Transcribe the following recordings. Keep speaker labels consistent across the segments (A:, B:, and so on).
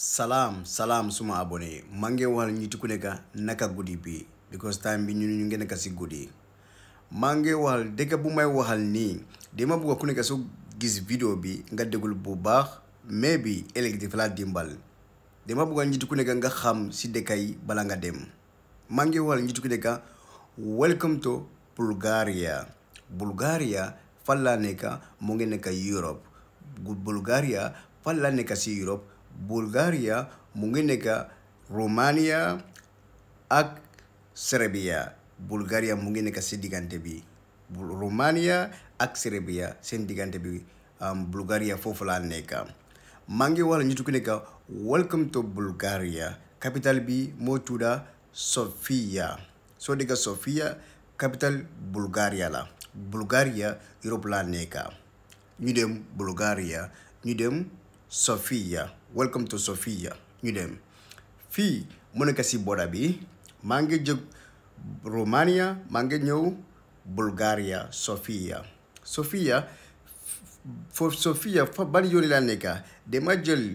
A: salaam salaam suma abonné maa ngi wax ñi ku nekk naka guddi bi because time bi ñu ñu ngi nekk si guddi maa ngi waxal dëkk bu may waxal nii dama bëgg ku nekk soo gis vidéo bi nga déglu bu baax mais bi ëllëg daf laa dimbal dama bëgg ñi ku nekk nga xam si dëkk yi bala nga dem maa ngi waxal ñi ku nekk welcome to Bulgaria Bulgaria fan laa nekk mu ngi nekk Europe Bulgaria fan laa nekk si Europe. Bulgaria mu ngi nekka Romania ak Serbia Bulgaria mu ngi nekka si diggante bi Romania ak Serbia seen diggante bi Bulgaria foofu laa nekka maa ngi wax la ñu tukki nekka welcome to Bulgaria capital bi moo tudda Sofia soo dégga Sofia capital Bulgaria la Bulgaria Europe laa nekka ñu dem Bulgaria ñu dem Sofia welcome to Sofia ñu dem fii mu nekk si booda bi maa ngi jóg Romania maa ngi ñëw Bulgaria Sofia Sofia foofu Sofia fa ban yoon laa nekk dama jël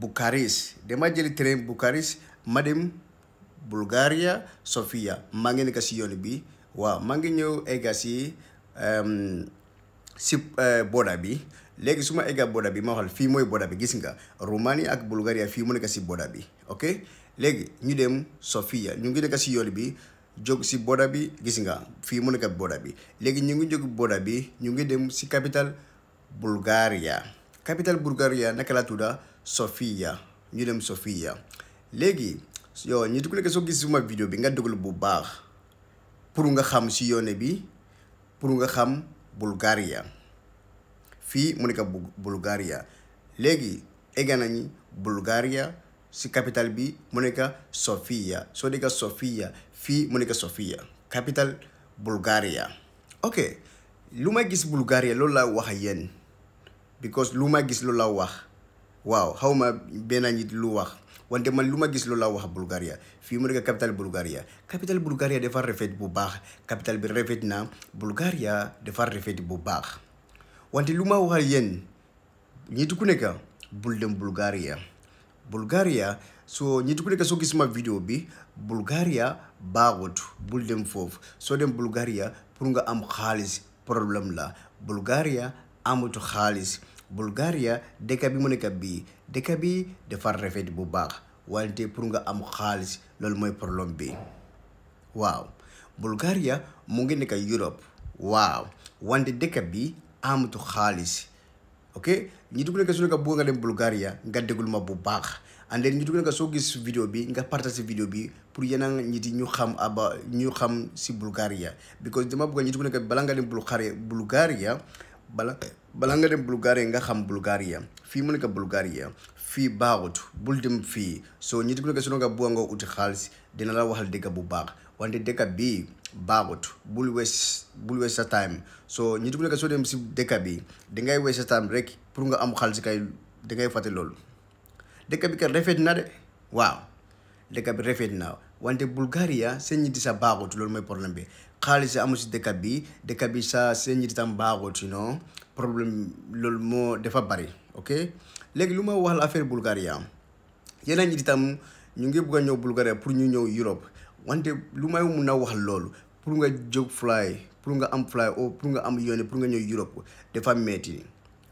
A: Bucarest dama jël train Bucarest ma dem Bulgaria Sofia maa ngi ka si yoon bi waaw maa ngi ñëw egg si ehm, si eh, bi. léegi suma ma egga boda bi ma waxal fii mooy boda bi gis nga Roumanie ak Bulgaria fii mu nekk si boda bi ok léegi ñu dem Sofia ñu ngi nekk si yool bi jóg si boda bi gis nga fii mu nekk boda bi léegi ñu ngi jóg boda bi ñu ngi dem si capital Bulgaria capital Bulgaria naka la tudda Sofia ñu dem Sofia léegi yow ñi ku nekk soo gis suma vidéo bi nga dugal bu baax pour nga xam si yoone bi pour nga xam Bulgaria fii mu nekk Bulgaria léegi egg nañu Bulgaria si capital bi mu nekk Sofia soo dégg Sofia fii mu nekk Sofia capital Bulgaria ok lu ma gis Bulgaria loolu laa wax yéen because lu ma gis loolu la wax waaw xaw ma benn nit lu wax wante man lu ma gis loolu la wax Bulgaria fii mu nekk capital Bulgaria capital Bulgaria dafa rafet bu baax capital bi rafet na Bulgaria dafa rafet bu baax. wante lu ma waxal yéen ñiitu ku nekk bul dem Bulgaria Bulgaria soo ñiitu ku nekk soo gis ma vidéo bi Bulgaria baaxut bul dem foofu soo dem Bulgaria pour nga am xaalis problème la Bulgaria amatu xaalis Bulgaria dëkk bi mu nekk bi dëkk bi dafa rafet bu baax wante pour nga am xaalis loolu mooy problème bi waaw Bulgaria mu ngi nekk Europe waaw wante dëkk bi amatu xaalis ok ñi dugg nekk su nekk bëgg nga dem Bulgaria nga degul ma bu baax and then ñi dugg nekk soo gis vidéo bi nga partage vidéo bi pour yeneen ñi di ñu xam aba ñu xam si Bulgaria because dama bëgg ñi dugg nekk bala nga dem Bulgaria Bulgaria bala balaa nga dem Bulgaria nga xam Bulgaria fii mu nekk Bulgaria fii baaxut bul dem fii soo ñi dugg su nga bëgg nga uti xaalis dina la waxal dëkk bu baax wante dëkk bi baaxut bul wes bul wees sa time soo ñi dugg soo dem si dëkk bi dangay wees sa time rek pour nga am xaalis kay dangay fàtte loolu dëkk bi kat rafet na waaw dëkk bi rafet na wante Bulgaria seen ñi di sa baaxut loolu mooy problème bi xaalis amul si dëkk bi dëkk bi sa seen ñi di tam baaxut non problème loolu moo dafa bari ok. léegi lu ma wax la affaire Bulgaria yeneen itam ñu ngi bëgg a ñëw Bulgaria pour ñu ñëw Europe wante lu may mun a wax loolu pour nga jóg fly pour nga am fly o oh, pour nga am yónnee pour nga ñëw Europe dafa metti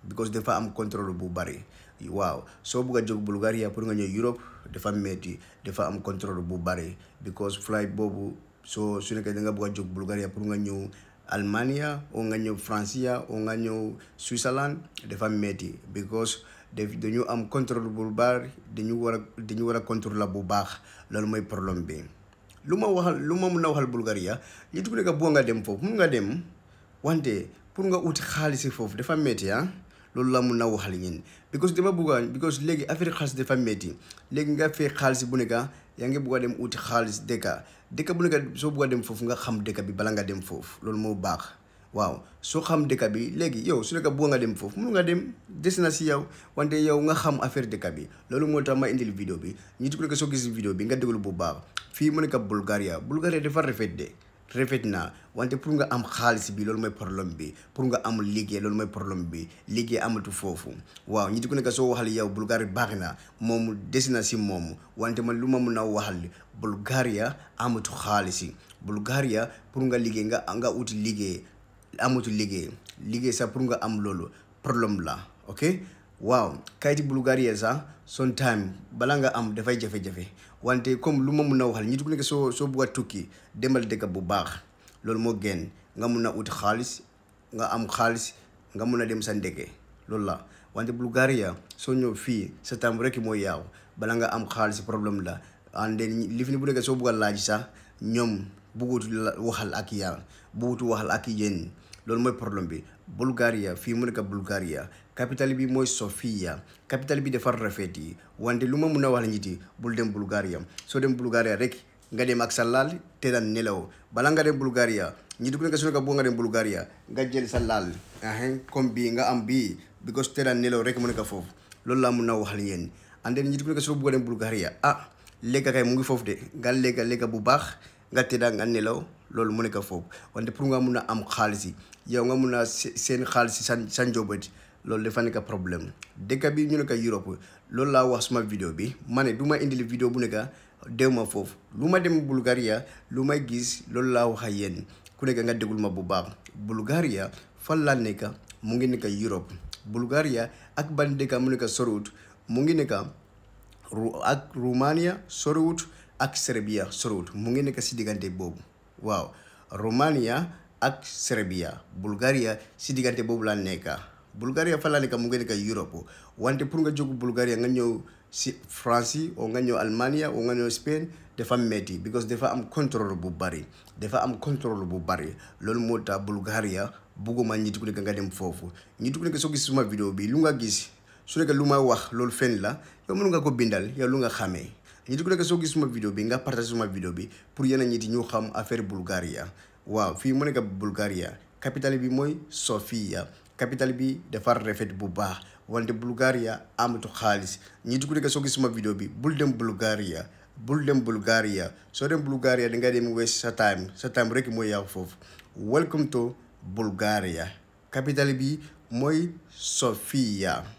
A: because dafa am contrôle bu bari waaw soo bëgg a jóg Bulgaria pour nga ñëw Europe dafa metti dafa am contrôle bu bari because fly boobu soo su nekkee da nga bëgg a jóg Bulgaria pour nga ñëw. Almania oo nga ñëw Francia oo nga ñëw Switzerland dafa metti because dañu am contrôle bu baax dañu war dañu war a contrôle la bu baax loolu mooy problème bi lu ma waxal lu ma mun a waxal Bulgaria nit ku nekk boo nga dem foofu mun nga dem wante pour nga uti xaalis foofu dafa metti ah loolu laa mun naa waxal ñeen because dama bugga because léegi affaire xaalis dafa metti léegi nga fee xaalis bu nekk yaa ngi bugga dem uti xaalis dëkka dëkka bu nekk soo dem foofu nga xam dëkka bi bala nga dem foofu loolu moo baax waaw soo xam dëkka bi léegi yow su nekka bugga nga dem foofu mun nga dem des na si yow wante yow nga xam affaire dëkka bi loolu moo tax ma indil vidéo bi ñu ko nekk soo gis vidéo bi nga déglu bu baax fii mu nekk Bulgaria Bulgaria dafa rafet de rafet na wante pour nga am xaalis bi loolu mooy problème bi pour nga am liggéey loolu mooy problème bi liggéey amatu foofu waaw ñi di ko nekk soo waxal yow Bulgarie baax na moom des na si moom wante ma lu ma mun a waxal Bulgaria amatu xaalis Bulgaria pour nga liggéey nga nga uti liggéey amatu liggéey liggéey sax pour nga am loolu problème la waaw kayit Bulgaria sax son time balaa nga am dafay jafe-jafe wante comme lu ma mun a waxal ñi ku nekk soo soo bugg a demal dëkk bu baax loolu moo gën nga mun a ut xaalis nga am xaalis nga mun a dem sa ndeke loolu la wante Bulgaria soo ñëw fii sa time rek mooy yaaw balaa nga am xaalis problème la and li fi bu nekkee soo bugg a laaj sax ñoom buggutu waxal ak yaa buggutu waxal ak yéen loolu mooy problème bi Bulgaria fii mu nekk Bulgaria capital bi mooy Sofia capital bi dafa rafet yi wante lu ma mun a wax la nit bul dem Bulgaria soo dem Bulgaria rek nga dem ak sa laal te daan nelaw bala nga dem Bulgaria ñi dugg na nga su boo nga dem Bulgaria nga jël sa laal comme bii nga am bii because te daan nelaw rek mu nekk foofu loolu mun a wax la yéen ande ñi dugg na nga soo bugg a dem Bulgaria ah lekka kay mu ngi foofu de nga lekka lekka bu baax nga tëdda nga nelaw loolu mu nekk foofu wante pour nga mun a am xaalis yi yow nga mun a seen xaalis san san njóobati loolu dafa nekk problème dëkk bi ñu ne nekk Europe loolu laa wax suma vidéo bi ma ne du indil vidéo bu nekk dew ma foofu lu ma dem Bulgaria lu may gis loolu laa wax yéen ku nekk nga déglu ma bu baax Bulgaria fan laa nekk mu ngi nekk Europe Bulgaria ak ban dëkk mu nekk sorowut mu ngi nekk ak Roumania sorowut ak Serbia sorowut mu ngi nekk si diggante boobu waaw Roumania ak Serbia Bulgaria si diggante boobu laa nekk. Bulgaria falalika mu ngeni ka Europe wante pour nga jogu Bulgaria nga ñëw si France yi o nga ñëw Almania o nga ñëw Spain dafa metti because dafa am contrôle bu bari dafa am contrôle bu bari loolu moo tax Bulgaria bugguma ñi ku nekk nga dem foofu ñi ku nekk soo gis suma vidéo bi lu nga gis su nekk lu ma wax loolu fen la yow mën nga ko bindal yow lu nga xamee ñi ku nekk soo gis suma vidéo bi nga partage suma vidéo bi pour yéen a ñi ñu xam affaire Bulgaria waaw fii mu nekk Bulgaria capitale bi mooy Sofia capital bi defar rafet bu baax wante Bulgaria amatu xaalis ñi dugg rek soo gis suma vidéo bi bul dem Bulgaria bul dem Bulgaria soo dem Bulgaria danga dem waste sa time sa time rek mooy yàqu foofu welcome to Bulgaria capital bi mooy Sofia